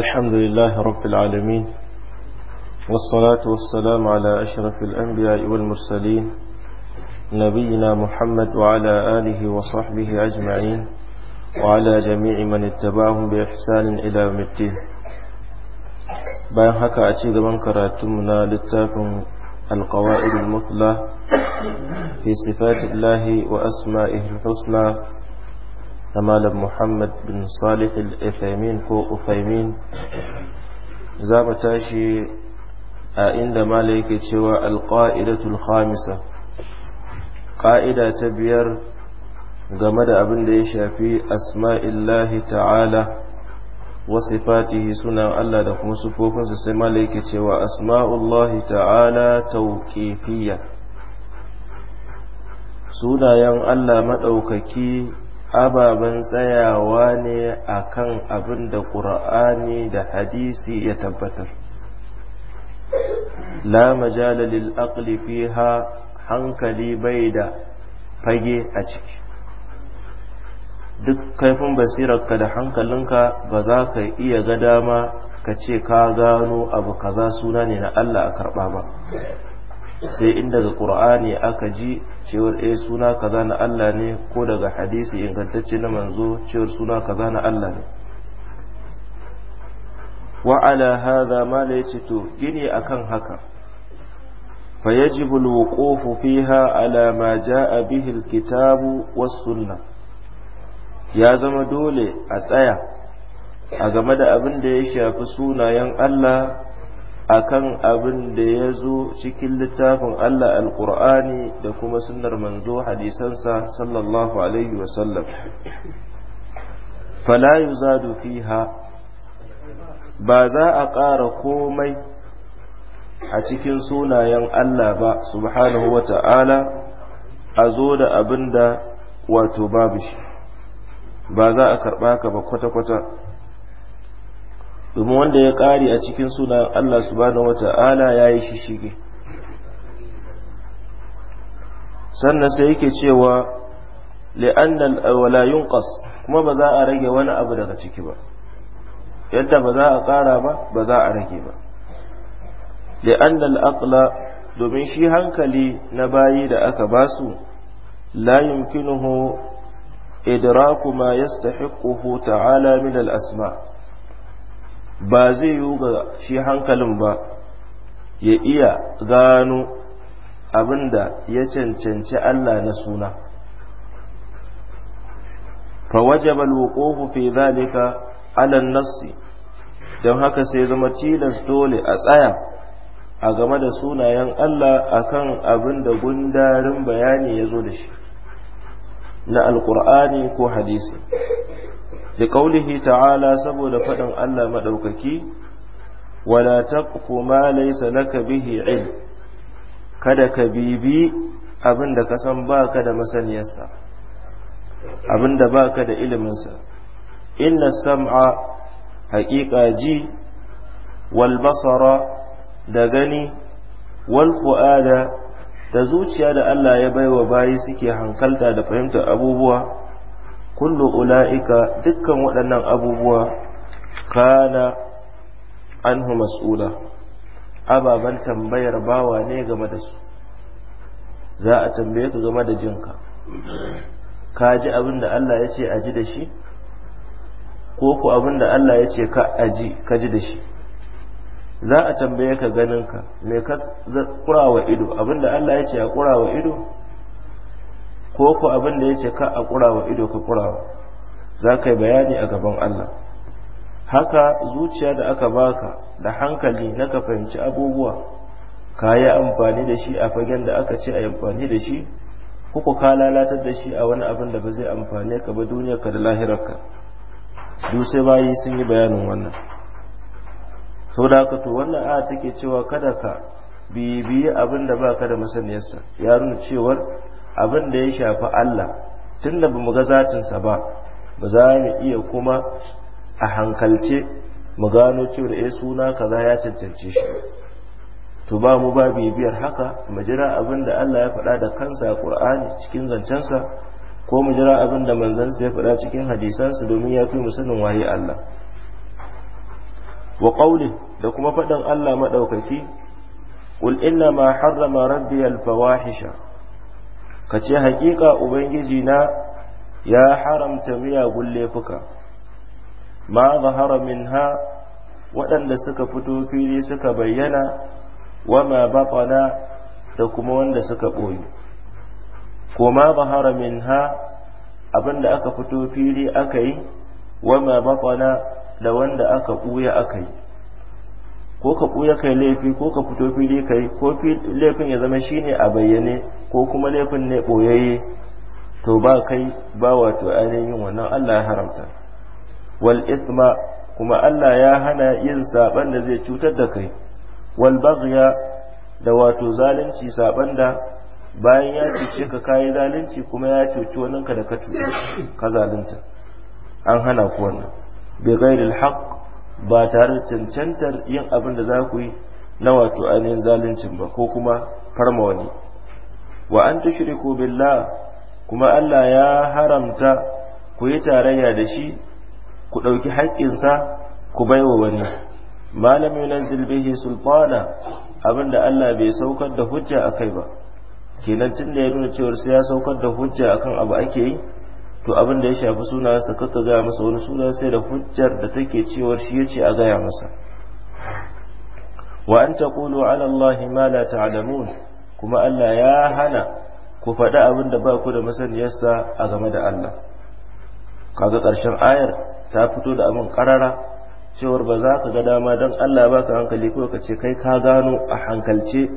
الحمد لله رب العالمين والصلاة والسلام على أشرف الأنبياء والمرسلين نبينا محمد وعلى آله وصحبه أجمعين وعلى جميع من اتبعهم بإحسان إلى يوم الدين bayan haka a ci gaban karatunmu na littafin alkawa'id al-mutla fi sifatillahi wa asma'ihi husna malam muhammad bin salih al ko uthaymin za mu tashi a inda mala yake cewa alƙa'idatul khamisa ƙa'ida ta biyar game da abin da ya shafi asma'illahi ta'ala wasu fatihi suna Allah da kuma sufofinsa sai mala yake cewa asma'ullahi ta'ala tauƙifiyya sunayen Allah maɗaukaki Ababan tsayawa ne a kan abin da ƙura'ani da hadisi ya tabbatar la majala lil aqli fiha hankali bai da fage a ciki duk kaifin basirarka da hankalinka ba za ka iya ga dama ka ce ka gano abu kaza suna ne na Allah a karɓa ba sai in daga qur'ani aka ji cewar eh suna kaza na Allah ne ko daga hadisi ingantacce na manzo cewar suna kaza na Allah ne wa ala hadha ma to gini akan haka fa yajibu alwuqufu fiha ala ma jaa bihi alkitabu was sunnah ya zama dole a tsaya a game da abin da ya shafi sunayen Allah akan abin da ya zo cikin littafin Allah alƙur'ani da kuma sunnar manzo hadisansa sallallahu alaihi wasallam fala yuzadu fiha ba za a ƙara komai a cikin sunayen Allah ba subhanahu wa ta'ala a zo da abin da wato babu shi ba za a karɓa ka ba kwata-kwata domin wanda ya ƙari a cikin sunan Allah subhanahu wata'ala ya yi shishige sannan sai yake cewa li'annal wala yunqas kuma ba za a rage wani abu daga ciki ba yadda ba za a ƙara ba ba za a rage ba li'annal aqla domin shi hankali na bayi da aka basu la yumkinuhu idraku ma yastahiquhu ta'ala min al-asma' ba zai yiwu ga shi hankalin ba ya iya gano abin da ya cancanci Allah na suna فوجب الوقوف في ذلك على النص don haka sai zama tilas dole a tsaya a game da sunayen Allah akan abin da gundarin bayani ya zo da shi na alkur'ani ko hadisi da kaulihi ta'ala saboda faɗin Allah maɗaukaki wala taqfu ma laysa laka bihi ilm kada ka bibi abin da ka san baka da masaniyarsa abin da baka da iliminsa inna sam'a haƙiƙa ji wal da gani wal da zuciya da Allah ya baiwa bayi suke hankalta da fahimtar abubuwa kullu ula'ika dukkan waɗannan abubuwa kana anhu mas'ula ababen tambayar bawa ne game da su za a tambaye ka game da jinka ka ji abin da Allah ya ce a ji da shi ko ku abin da Allah ya ce ka aji ka ji da shi za a tambaye ka ganinka me ka kurawa ido abin da Allah ya ce a kurawa ido ko ku abin da ya ce ka a ƙurawa ido ka ƙurawa za ka yi bayani a gaban Allah haka zuciya da aka baka da hankali na ka fahimci abubuwa ka yi amfani da shi a fagen da aka ce a yi amfani da shi kuku ka lalatar da shi a wani abin da ba zai amfane ka ba duniyarka da lahirarka duk sai bayi sun yi bayanin wannan sau da haka to wannan a take cewa kada ka bibiyi abin da ba ka da masaniyarsa ya nuna cewar abin da ya shafi Allah tun da bamu ga zatinsa ba ba za mu iya kuma a hankalce mu gano cewa eh suna kaza ya cancance shi to ba mu ba bibiyar haka mu jira abin da Allah ya faɗa da kansa a Qur'ani cikin zancensa ko mu jira abin da manzansa ya faɗa cikin hadisansa domin ya fi mu sanin waye Allah wa qawli da kuma faɗin Allah madaukaki qul inna ma harrama rabbi al fawahisha ka ce haƙiƙa ubangiji na ya haramta miyagun laifuka ma zahara ha waɗanda suka fito fili suka bayyana wa ma baƙana da kuma wanda suka ɓoyi ko ma zahara minha abinda aka fito fili aka yi wa ma baƙana da wanda aka ɓuya aka yi ko ka ɓuya kai laifi ko ka fito fili kai ko laifin ya zama shine a bayyane ko kuma laifin ne ɓoyayye to ba kai ba wato ainihin wannan Allah ya haramta wal isma kuma Allah ya hana yin saban da zai cutar da kai wal baghya da wato zalunci saban da bayan ya cuce ka kayi zalunci kuma ya cuci waninka da ka cuce ka zalunta an hana ku wannan bi ghairil haqq ba tare da cancantar yin abin da za ku yi na wato ainihin zaluncin ba ko kuma farma wani wa an tushriku billah kuma Allah ya haramta ku yi tarayya da shi ku ɗauki haƙƙinsa ku baiwa wani malam yunzil bihi abin da Allah bai saukar da hujja a kai ba kenan tun da ya nuna cewar sai ya saukar da hujja akan abu ake yi to abin da ya shafi suna sa kaka gaya masa wani suna sai da hujjar da take cewar shi yace a gaya masa wa an taqulu ala allahi ma la ta'lamun kuma Allah ya hana ku faɗi abin da ba ku da masaniyarsa a game da Allah kaga ƙarshen ayar ta fito da abin ƙarara cewar ba za ka ga dama don Allah ba ka hankali ko ka ce kai ka gano a hankalce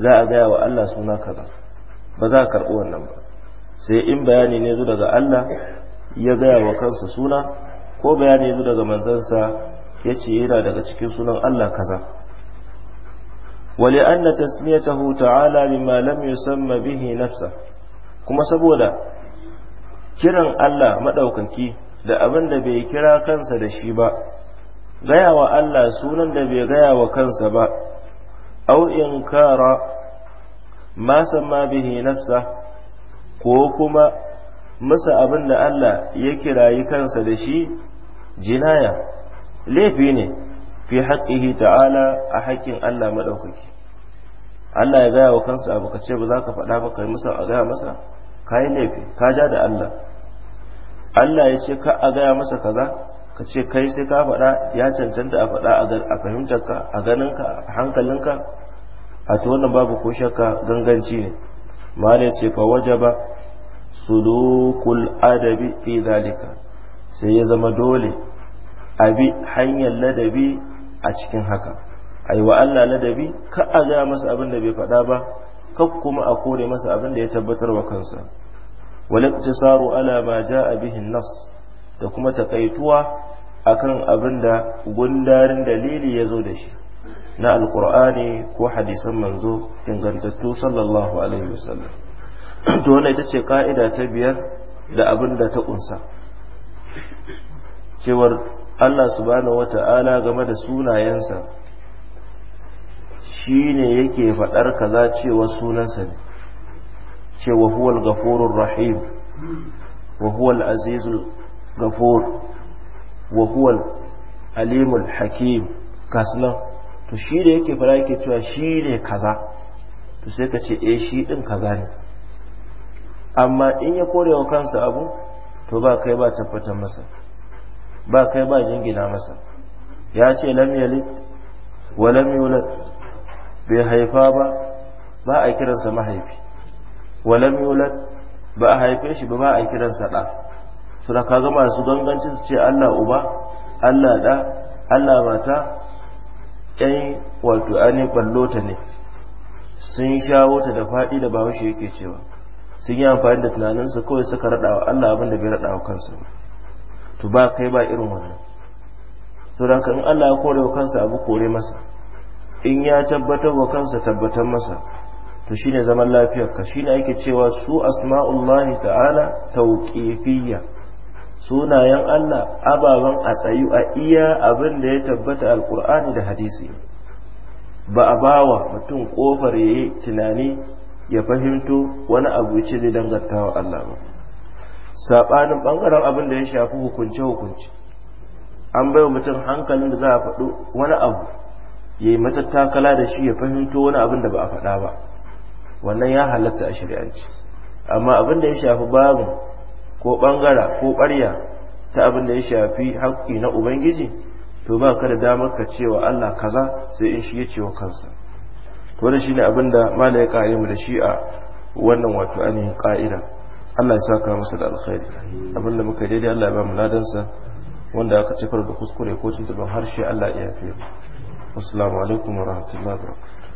za a gaya wa Allah suna kaza ba za ka karɓi wannan ba sai in bayani ne zo daga Allah ya gaya wa kansa suna ko bayani ya daga manzansa ya ce yana daga cikin sunan Allah kaza anna tasmiyatahu ta'ala bima lam yusamma bihi nafsa? kuma saboda kiran Allah maɗaukaki da abin da bai kira kansa da shi ba gaya wa Allah sunan da bai gaya wa kansa ba au inkara ma samma bihi nafsa ko kuma masa abin da Allah ya kirayi kansa da shi jinaya laifi ne fi haƙƙihi ta'ala a haƙƙin Allah maɗaukaki Allah ya gaya wa kansa abu ka ce ba za ka faɗa ba kai musa a gaya masa ka yi laifi ka ja da Allah Allah ya ce ka a gaya masa kaza ka ce kai sai ka faɗa ya cancanta a faɗa a fahimtarka a ganinka a hankalinka a ta wannan babu ko shakka ganganci ne malai ce fa wajaba sulukul adabi fi zalika sai ya zama dole a bi hanyar ladabi a cikin haka ai wa Allah ladabi ka a ga masa abin da bai faɗa ba ka kuma a kore masa abin da ya tabbatar wa kansa wal tsaro ala ma a bihin nas da kuma takaituwa akan abin da gundarin dalili ya zo da shi na alkur'ani ko hadisan manzo ingantattu sallallahu alaihi wasallam to wannan ita ce ka'ida ta biyar da abin da ta kunsa cewar Allah subhanahu wata'ala game da sunayensa shine yake faɗar kaza cewa sunansa ne cewa huwal gafurur rahim wa huwal azizul gafur wa huwal alimul hakim kasnan to shi da yake fara yake cewa shi ne kaza to sai ka ce eh shi din kaza ne amma in ya kore wa kansa abu to ba kai ba tabbatar masa ba kai ba jingina masa ya ce lam yalid wa lam yulad bai haifa ba ba a kiransa mahaifi wa lam yulad ba a haife shi ba ba a kiransa da to da kaga masu gangancin su ce Allah uba Allah da Allah mata yan wato ainihin ballota ne sun shawo ta da faɗi da bahaushe yake cewa sun yi amfani da tunaninsu kawai suka raɗa wa Allah abin da bai raɗa wa kansu to ba kai ba irin wannan to da kan Allah ya kore wa kansa abu kore masa in ya tabbatar wa kansa tabbatar masa to shine zaman lafiyar ka shine ake cewa su asma'ullahi ta'ala tawqifiyya sunayen Allah ababen a tsayu a iya abin da ya tabbata alkur'ani da hadisi ba a bawa mutum kofar ya yi tunani ya fahimto wani abu ce zai danganta wa Allah ba saɓanin ɓangaren abin da ya shafi hukunce-hukunce an bai wa mutum hankalin da za a faɗo wani abu ya yi matattakala da shi ya fahimto wani abin da ba a faɗa ba wannan ya halatta a shari'anci amma abin da ya shafi babu ko bangara ko ƙarya ta abin da ya shafi hakki na ubangiji to ba ka da damar ka cewa Allah kaza sai in shi ya cewa kansa wannan shine abin da mala ya kare mu da shi a wannan wato ainihin ƙa'ida Allah ya saka masa da alkhairi abin da muka daidai Allah ya ba mu ladansa wanda aka cikar da kuskure ko tuntuban harshe Allah ya yafe assalamu alaikum wa rahmatullahi wa barakatuh